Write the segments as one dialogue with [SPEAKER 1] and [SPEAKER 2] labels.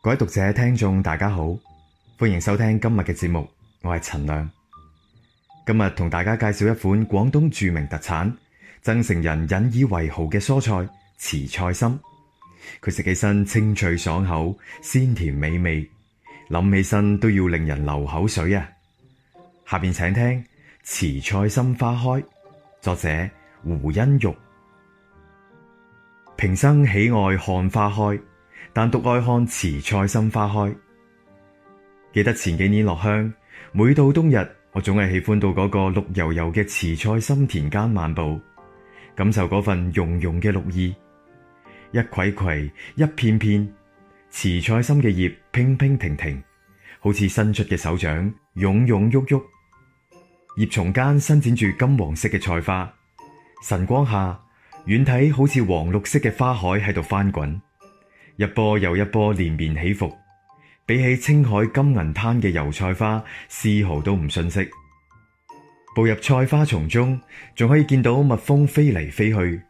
[SPEAKER 1] 各位讀者、聽眾，大家好，歡迎收聽今日嘅節目，我係陳亮。今日同大家介紹一款廣東著名特產、增城人引以為豪嘅蔬菜——遲菜心。佢食起身清脆爽口、鮮甜美味，諗起身都要令人流口水啊！下面請聽《遲菜心花開》，作者胡欣玉。平生喜愛看花開。但獨愛看遲菜心花開。記得前幾年落鄉，每到冬日，我總係喜歡到嗰個綠油油嘅遲菜心田間漫步，感受嗰份融融嘅綠意。一畦畦，一片片遲菜心嘅葉，娉娉婷婷，好似伸出嘅手掌，蓊蓊鬱鬱。葉叢間伸展住金黃色嘅菜花，晨光下遠睇好似黃綠色嘅花海喺度翻滾。一波又一波連綿起伏，比起青海金銀灘嘅油菜花，絲毫都唔遜色。步入菜花叢中，仲可以見到蜜蜂飛嚟飛去，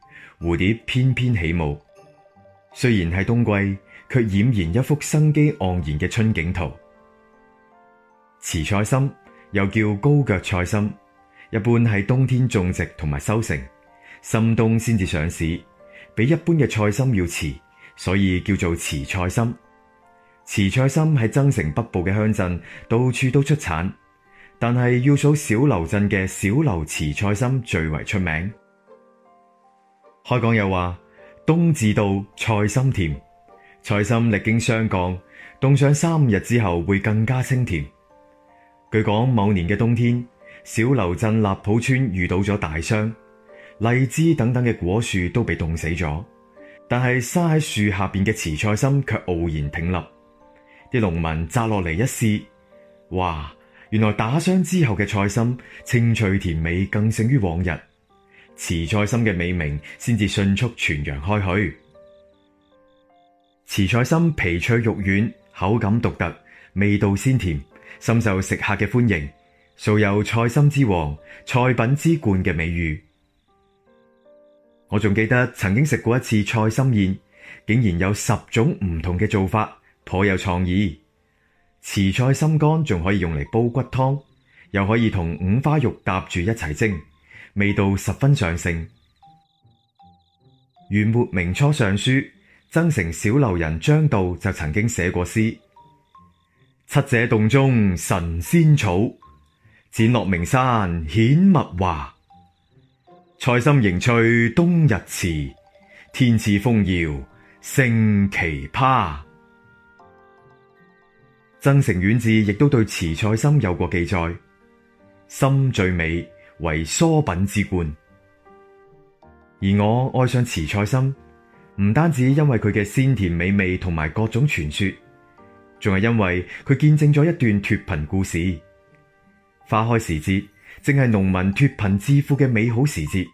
[SPEAKER 1] 蝴蝶翩翩起舞。雖然係冬季，卻儼然一幅生機盎然嘅春景圖。遲菜心又叫高腳菜心，一般喺冬天種植同埋收成，深冬先至上市，比一般嘅菜心要遲。所以叫做遲菜心，遲菜心喺增城北部嘅鄉鎮，到處都出產，但係要數小樓鎮嘅小樓遲菜心最為出名。開講又話冬至到，菜心甜，菜心歷經霜降，凍上三日之後會更加清甜。據講某年嘅冬天，小樓鎮臘圃村遇到咗大霜，荔枝等等嘅果樹都被凍死咗。但係生喺樹下邊嘅遲菜心卻傲然挺立，啲農民摘落嚟一試，哇！原來打霜之後嘅菜心清脆甜美更勝於往日，遲菜心嘅美名先至迅速傳揚開去。遲菜心皮脆肉軟，口感獨特，味道鮮甜，深受食客嘅歡迎，素有菜心之王、菜品之冠嘅美譽。我仲記得曾經食過一次菜心宴，竟然有十種唔同嘅做法，頗有創意。遲菜心乾仲可以用嚟煲骨湯，又可以同五花肉搭住一齊蒸，味道十分上乘。元末明初尚書增城小樓人張度就曾經寫過詩：七姐洞中神仙草，輾落名山顯物華。菜心盈翠，冬日遲；天賜豐饒，勝奇葩。增城縣志亦都對遲菜心有過記載，心最美，為蔬品之冠。而我愛上遲菜心，唔單止因為佢嘅鮮甜美味同埋各種傳說，仲係因為佢見證咗一段脫貧故事。花開時節，正係農民脫貧致富嘅美好時節。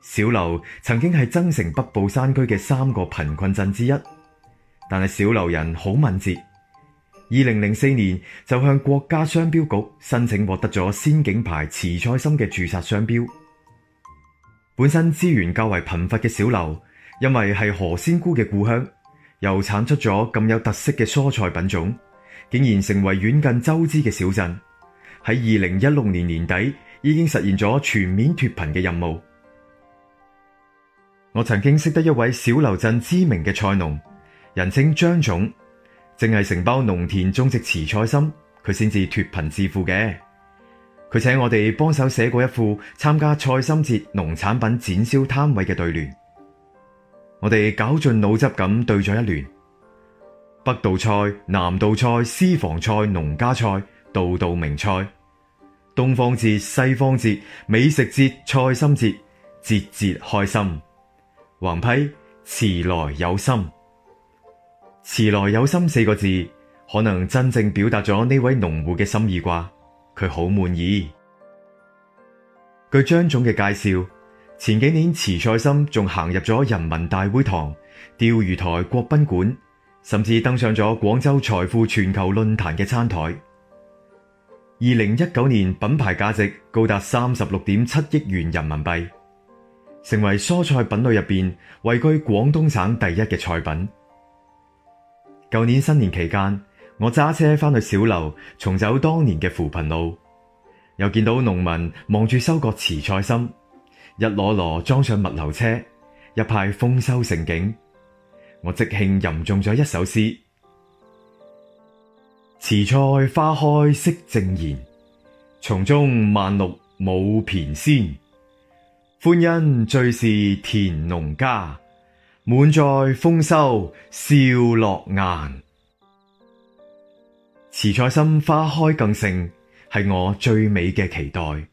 [SPEAKER 1] 小樓曾經係增城北部山區嘅三個貧困鎮之一，但係小樓人好敏捷，二零零四年就向國家商標局申請獲得咗仙境牌遲菜心嘅注冊商標。本身資源較為貧乏嘅小樓，因為係何仙姑嘅故鄉，又產出咗咁有特色嘅蔬菜品種，竟然成為遠近周知嘅小鎮。喺二零一六年年底，已經實現咗全面脱貧嘅任務。我曾經識得一位小樓鎮知名嘅菜農，人稱張總，正係承包農田種植遲菜心，佢先至脫貧致富嘅。佢請我哋幫手寫過一副參加菜心節農產品展銷攤位嘅對聯，我哋搞盡腦汁咁對咗一聯：北道菜、南道菜、私房菜、農家菜，道道名菜；東方節、西方節、美食節、菜心節，節節開心。橫批：遲來有心。遲來有心四個字，可能真正表達咗呢位農戶嘅心意啩。佢好滿意。據張總嘅介紹，前幾年遲菜心仲行入咗人民大會堂、釣魚台國賓館，甚至登上咗廣州財富全球論壇嘅餐台。二零一九年品牌價值高達三十六點七億元人民幣。成為蔬菜品類入邊位居廣東省第一嘅菜品。舊年新年期間，我揸車翻去小樓重走當年嘅扶貧路，又見到農民望住收割遲菜心，一籮籮裝上物流車，一派豐收盛景。我即興吟誦咗一首詩：遲菜花開色正妍，叢中萬綠舞蹁躚。歡欣最是田農家，滿載豐收笑樂顏。遲菜心花開更盛，係我最美嘅期待。